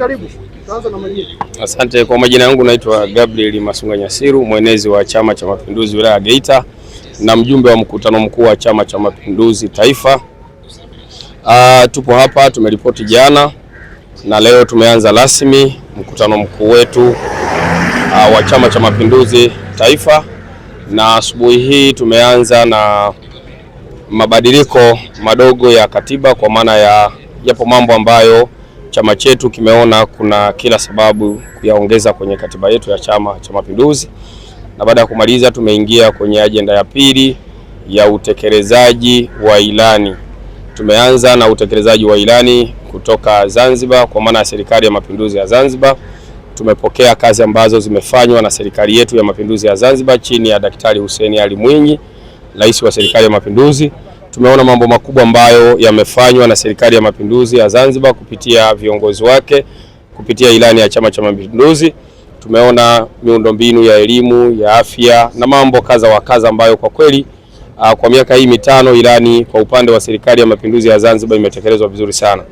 Karibu. Asante. Kwa majina yangu naitwa Gabriel Masunga Nyasiru, mwenezi wa Chama cha Mapinduzi wilaya ya Geita na mjumbe wa mkutano mkuu wa Chama cha Mapinduzi Taifa. Aa, ah, tupo hapa tumeripoti jana na leo tumeanza rasmi mkutano mkuu wetu aa, ah, wa Chama cha Mapinduzi Taifa, na asubuhi hii tumeanza na mabadiliko madogo ya katiba kwa maana ya yapo mambo ambayo chama chetu kimeona kuna kila sababu kuyaongeza kwenye katiba yetu ya Chama cha Mapinduzi, na baada ya kumaliza tumeingia kwenye ajenda ya pili ya utekelezaji wa ilani. Tumeanza na utekelezaji wa ilani kutoka Zanzibar kwa maana ya serikali ya mapinduzi ya Zanzibar. Tumepokea kazi ambazo zimefanywa na serikali yetu ya mapinduzi ya Zanzibar chini ya Daktari Hussein Ali Mwinyi, rais wa serikali ya mapinduzi tumeona mambo makubwa ambayo yamefanywa na Serikali ya Mapinduzi ya Zanzibar kupitia viongozi wake, kupitia ilani ya Chama cha Mapinduzi. Tumeona miundombinu ya elimu, ya afya na mambo kadha wa kadha ambayo kwa kweli ah, kwa miaka hii mitano ilani kwa upande wa Serikali ya Mapinduzi ya Zanzibar imetekelezwa vizuri sana,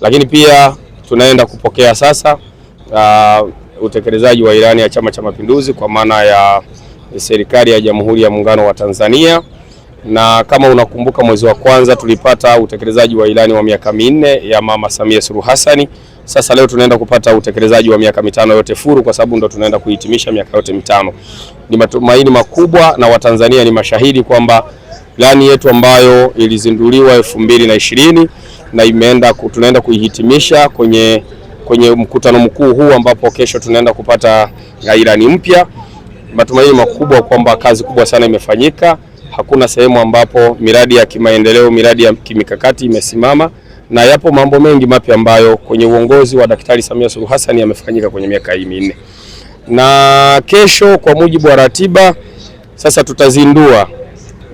lakini pia tunaenda kupokea sasa uh, utekelezaji wa ilani ya Chama cha Mapinduzi kwa maana ya Serikali ya Jamhuri ya Muungano wa Tanzania na kama unakumbuka, mwezi wa kwanza tulipata utekelezaji wa ilani wa miaka minne ya Mama Samia Suluhu Hassan. Sasa leo tunaenda kupata utekelezaji wa miaka mitano yote furu, kwa sababu ndo tunaenda kuhitimisha miaka yote mitano. Ni matumaini makubwa na Watanzania ni mashahidi kwamba ilani yetu ambayo ilizinduliwa elfu mbili na ishirini na imeenda tunaenda kuihitimisha kwenye, kwenye mkutano mkuu huu ambapo kesho tunaenda kupata ilani mpya. Matumaini makubwa kwamba kazi kubwa sana imefanyika hakuna sehemu ambapo miradi ya kimaendeleo, miradi ya kimikakati imesimama, na yapo mambo mengi mapya ambayo kwenye uongozi wa Daktari Samia Suluhu Hassan yamefanyika kwenye miaka hii minne. Na kesho kwa mujibu wa ratiba sasa tutazindua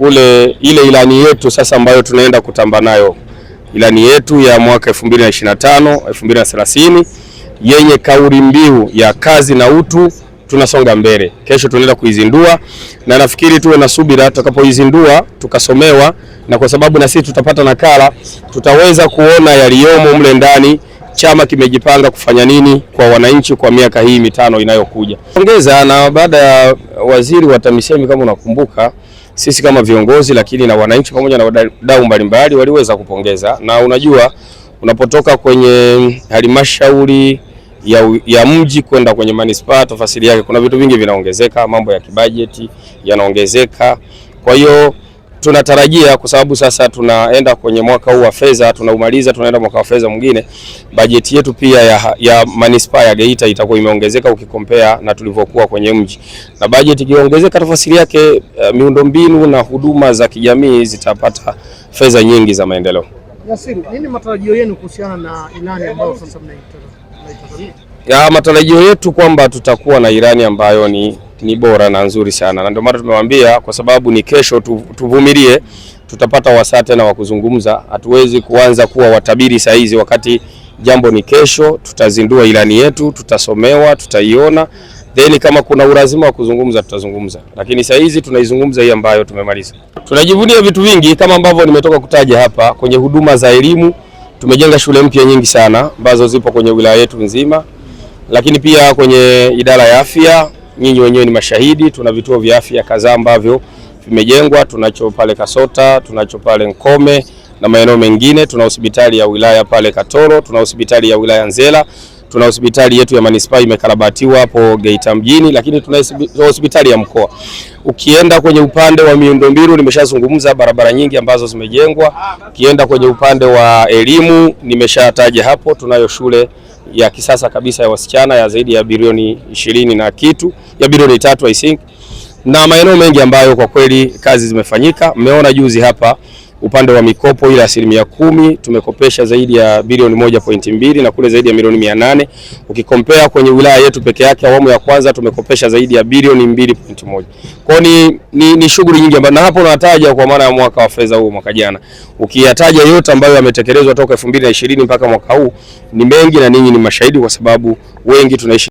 ule ile ilani yetu sasa ambayo tunaenda kutamba nayo ilani yetu ya mwaka 2025 2030 yenye kauli mbiu ya kazi na utu tunasonga mbele. Kesho tunaenda kuizindua na nafikiri tuwe na subira, tutakapoizindua tukasomewa, na kwa sababu na sisi tutapata nakala, tutaweza kuona yaliyomo mle ndani, chama kimejipanga kufanya nini kwa wananchi kwa miaka hii mitano inayokuja. Ongeza na baada ya waziri wa TAMISEMI, kama unakumbuka sisi kama viongozi lakini na wananchi pamoja na wadau mbalimbali waliweza kupongeza, na unajua unapotoka kwenye halmashauri ya, ya mji kwenda kwenye manispaa, tafasili yake kuna vitu vingi vinaongezeka, mambo ya kibajeti yanaongezeka. Kwa hiyo tunatarajia kwa sababu sasa tunaenda kwenye mwaka huu wa fedha tunaumaliza, tunaenda mwaka wa fedha mwingine, bajeti yetu pia ya, ya manispaa ya Geita itakuwa imeongezeka ukikompea na tulivyokuwa kwenye mji, na bajeti ikiongezeka, tafasili yake eh, miundombinu na huduma za kijamii zitapata fedha nyingi za maendeleo. Yasiri, nini matarajio yenu kuhusiana na ilani ambayo sasa mnaitoa? ya matarajio yetu kwamba tutakuwa na Irani ambayo ni, ni bora na nzuri sana, na ndio maana tumewaambia kwa sababu ni kesho tu, tuvumilie, tutapata wasaa tena wa kuzungumza. Hatuwezi kuanza kuwa watabiri saa hizi wakati jambo ni kesho. Tutazindua Irani yetu, tutasomewa, tutaiona Then kama kuna ulazima wa kuzungumza tutazungumza, lakini saa hizi tunaizungumza hii ambayo tumemaliza. Tunajivunia vitu vingi kama ambavyo nimetoka kutaja hapa kwenye huduma za elimu. Tumejenga shule mpya nyingi sana ambazo zipo kwenye wilaya yetu nzima, lakini pia kwenye idara ya afya, nyinyi wenyewe ni mashahidi. Tuna vituo vya afya kadhaa ambavyo vimejengwa, tunacho pale Kasota, tunacho pale Nkome na maeneo mengine. Tuna hospitali ya wilaya pale Katoro, tuna hospitali ya wilaya Nzela Tuna hospitali yetu ya manispaa imekarabatiwa hapo Geita mjini, lakini tuna hospitali ya mkoa. Ukienda kwenye upande wa miundombinu, nimeshazungumza barabara nyingi ambazo zimejengwa. Ukienda kwenye upande wa elimu, nimeshataja hapo, tunayo shule ya kisasa kabisa ya wasichana ya zaidi ya bilioni ishirini na kitu ya bilioni tatu I think na maeneo mengi ambayo kwa kweli kazi zimefanyika. Mmeona juzi hapa upande wa mikopo ile asilimia kumi tumekopesha zaidi ya bilioni moja pointi mbili na kule zaidi ya milioni mia nane ukikompea kwenye wilaya yetu peke yake awamu ya kwanza tumekopesha zaidi ya bilioni mbili pointi moja kwao ni, ni, ni shughuli nyingi ambayo na hapo nataja kwa maana ya mwaka wa fedha huu mwaka jana ukiyataja yote ambayo yametekelezwa toka elfu mbili na ishirini mpaka mwaka huu ni mengi na ninyi ni mashahidi kwa sababu wengi tunaishi